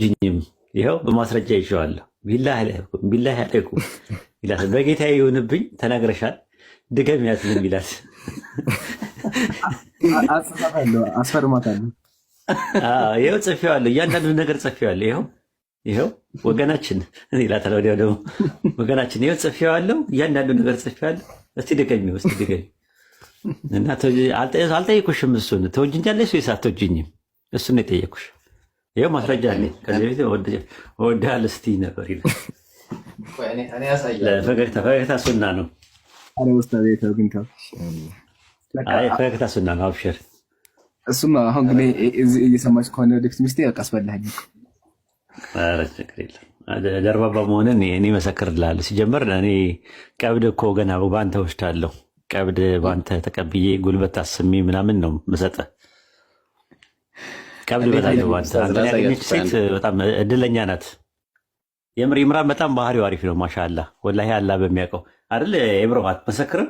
ጅኝም ይኸው በማስረጃ ይዤዋለሁ። ቢላ አለይኩም ይላል። በጌታ ይሁንብኝ ተናግረሻል፣ ድገም ያስልም ይላል። አስፈርማታለሁ። ይኸው ጽፌዋለሁ፣ እያንዳንዱ ነገር ጽፌዋለሁ። ይኸው ይኸው ወገናችን ይላታል። ወዲያው ደግሞ ወገናችን ይኸው ጽፌዋለሁ፣ እያንዳንዱ ነገር ጽፌዋለሁ። እስቲ ድገሚ ውስጥ ድገሚ እና አልጠየኩሽም። እሱን ተወጅኛለሽ ወይስ አትወጅኝም? እሱን የጠየኩሽ። ይኸው ማስረጃ ከዚህ በፊት እወድሃለሁ ስትይ ነበር ይላል። ፈገግታ ሱና ነው። ፈገግታ ሱና ነው። አብሽር። እሱም አሁን ግን እየሰማች ከሆነ ወደፊት ሚስቴ በቃ ደርባባ መሆንን እኔ መሰክርልሃለሁ። ሲጀመር እኔ ቀብድ እኮ ገና በአንተ ወስዳለሁ። ቀብድ በአንተ ተቀብዬ ጉልበት አስሜ ምናምን ነው የምሰጠህ ከብድ በላይ ነው። አንተን ያገኘች ሴት በጣም እድለኛ ናት። የምር ኢምራን በጣም ባህሪው አሪፍ ነው። ማሻላ ወላሂ አላ በሚያውቀው አይደል የምሮ አትመሰክርም?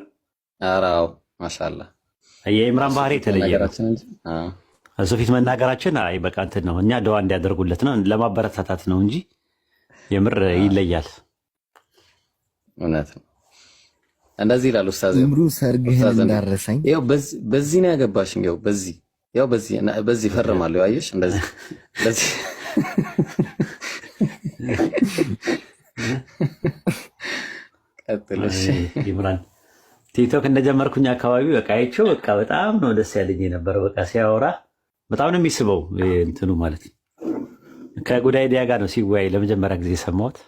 ኧረ አዎ ማሻላ የኢምራን ባህሪ የተለየ ነው። እሱ ፊት መናገራችን አይ በቃ እንትን ነው እኛ ደዋ እንዲያደርጉለት ነው ለማበረታታት ነው እንጂ የምር ይለያል። እውነት ነው። እንደዚህ ይላል ኡስታዝ። ምሩ ሰርግህን እንዳረሰኝ በዚህ ነው ያገባሽ። እንዲያው በዚህ ያው በዚህ በዚህ ፈርማለሁ። አየሽ እንደዚህ እንደዚህ ቀጥለሽ ይምራን ቲክቶክ እንደጀመርኩኝ አካባቢ በቃ አይቼው በቃ በጣም ነው ደስ ያለኝ የነበረው። በቃ ሲያወራ በጣም ነው የሚስበው እንትኑ ማለት ነው። ከጉዳይ ዲያ ጋር ነው ሲወያይ ለመጀመሪያ ጊዜ ሰማሁት።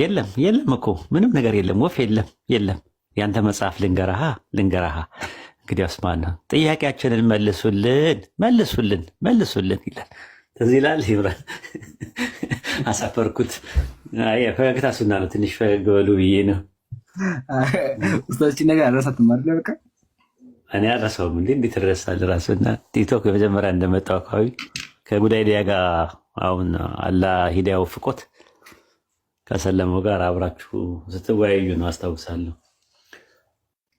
የለም የለም እኮ ምንም ነገር የለም፣ ወፍ የለም የለም። ያንተ መጽሐፍ ልንገራሃ ልንገራሃ እንግዲህ አስማና ጥያቄያችንን መልሱልን መልሱልን መልሱልን ይላል። እዚህ ይላል ይምራል። አሳፈርኩት። ፈገግታ ሱና ነው። ትንሽ ፈገግ በሉ ብዬ ነው። ውስታችን ነገር አረሳት አይደል? በቃ እኔ አረሰውም እንዲ እንዴት ረሳል? ራሱና ቲክቶክ የመጀመሪያ እንደመጣው አካባቢ ከጉዳይ ዲያ ጋር አሁን አላ ሂዳያ ወፍቆት ከሰለመው ጋር አብራችሁ ስትወያዩ ነው አስታውሳለሁ።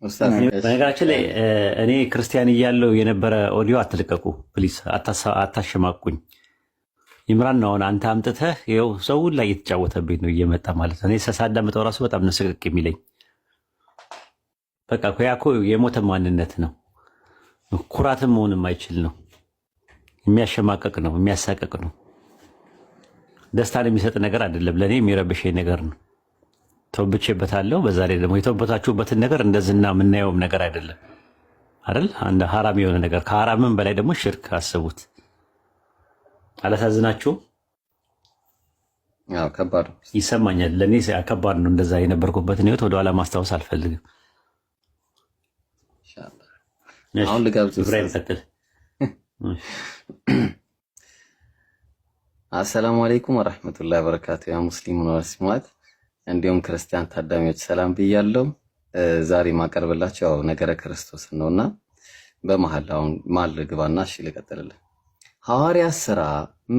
በነገራችን ላይ እኔ ክርስቲያን እያለው የነበረ ኦዲዮ አትልቀቁ ፕሊስ፣ አታሸማቁኝ። ይምራን አሁን አንተ አምጥተህ ይኸው ሰውን ላይ እየተጫወተብኝ ነው እየመጣ ማለት ነው። እኔ ሳዳምጠው ራሱ በጣም ነስቅቅ ስቅቅ የሚለኝ። በቃ ያኮ የሞተ ማንነት ነው። ኩራትም መሆን የማይችል ነው። የሚያሸማቀቅ ነው፣ የሚያሳቀቅ ነው። ደስታን የሚሰጥ ነገር አይደለም። ለእኔ የሚረብሸኝ ነገር ነው። ተወብቼበታለሁ። በዛ ላይ ደግሞ የተወበታችሁበትን ነገር እንደዝና የምናየውም ነገር አይደለም አይደል? አንድ ሀራም የሆነ ነገር ከሀራምም በላይ ደግሞ ሽርክ አስቡት። አላሳዝናችሁም? ከባድ ይሰማኛል። ለእኔ ከባድ ነው። እንደዛ የነበርኩበትን ህይወት ወደኋላ ማስታወስ አልፈልግም። አሁን ልጋብዝ። አሰላሙ አለይኩም ወረሕመቱላሂ በረካቱ ያ ሙስሊም ነዋር ሲማት እንዲሁም ክርስቲያን ታዳሚዎች ሰላም ብያለው። ዛሬ ማቀርብላቸው ያው ነገረ ክርስቶስ ነውና በመሀል አሁን ማል ግባና እሺ ልቀጥልልን። ሐዋርያ ስራ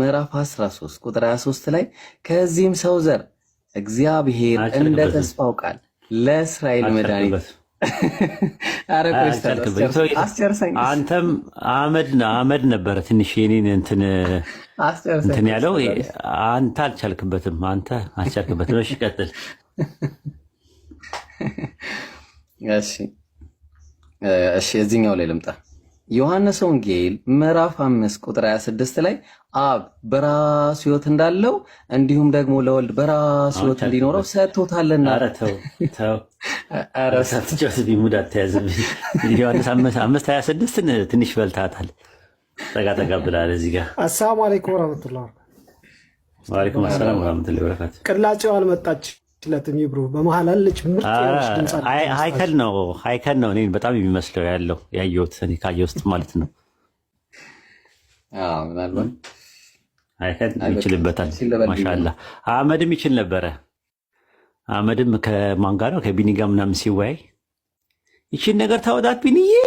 ምዕራፍ 13 ቁጥር 23 ላይ ከዚህም ሰው ዘር እግዚአብሔር እንደ ተስፋው ቃል ለእስራኤል መድኃኒት አንተም አመድ አመድ ነበረ ትንሽ የኔን እንትን ያለው አንተ አልቻልክበትም። አንተ አልቻልክበትም። እሺ ቀጥል። እሺ እዚህኛው ላይ ልምጣ። ዮሐንስ ወንጌል ምዕራፍ አምስት ቁጥር 26 ላይ አብ በራሱ ሕይወት እንዳለው እንዲሁም ደግሞ ለወልድ በራሱ ሕይወት እንዲኖረው ሰጥቶታልና አራት ጨዋታ ሙድ አተያዝብኝ። ዮሐንስ አምስት ሀያ ስድስትን ትንሽ በልታታል። ጠጋ ጠጋ ብላል። እዚህ ጋር አሰላሙ አለይኩም ረመቱላ ዋለይኩም አሰላም ረመቱላ በረካቱ። ቅላጭው አልመጣችለትም። ይብሩ በመሀል አለች። ሀይከል ነው ሀይከል ነው። እኔን በጣም የሚመስለው ያለው ያየሁት እኔ ካየ ውስጥ ማለት ነው። ምናልባት ሀይከል ይችልበታል። ማሻላ አህመድም ይችል ነበረ አመድም ከማን ጋር ነው ከቢኒ ጋር ምናምን ሲወያይ ይቺን ነገር ታወጣት ቢኒዬ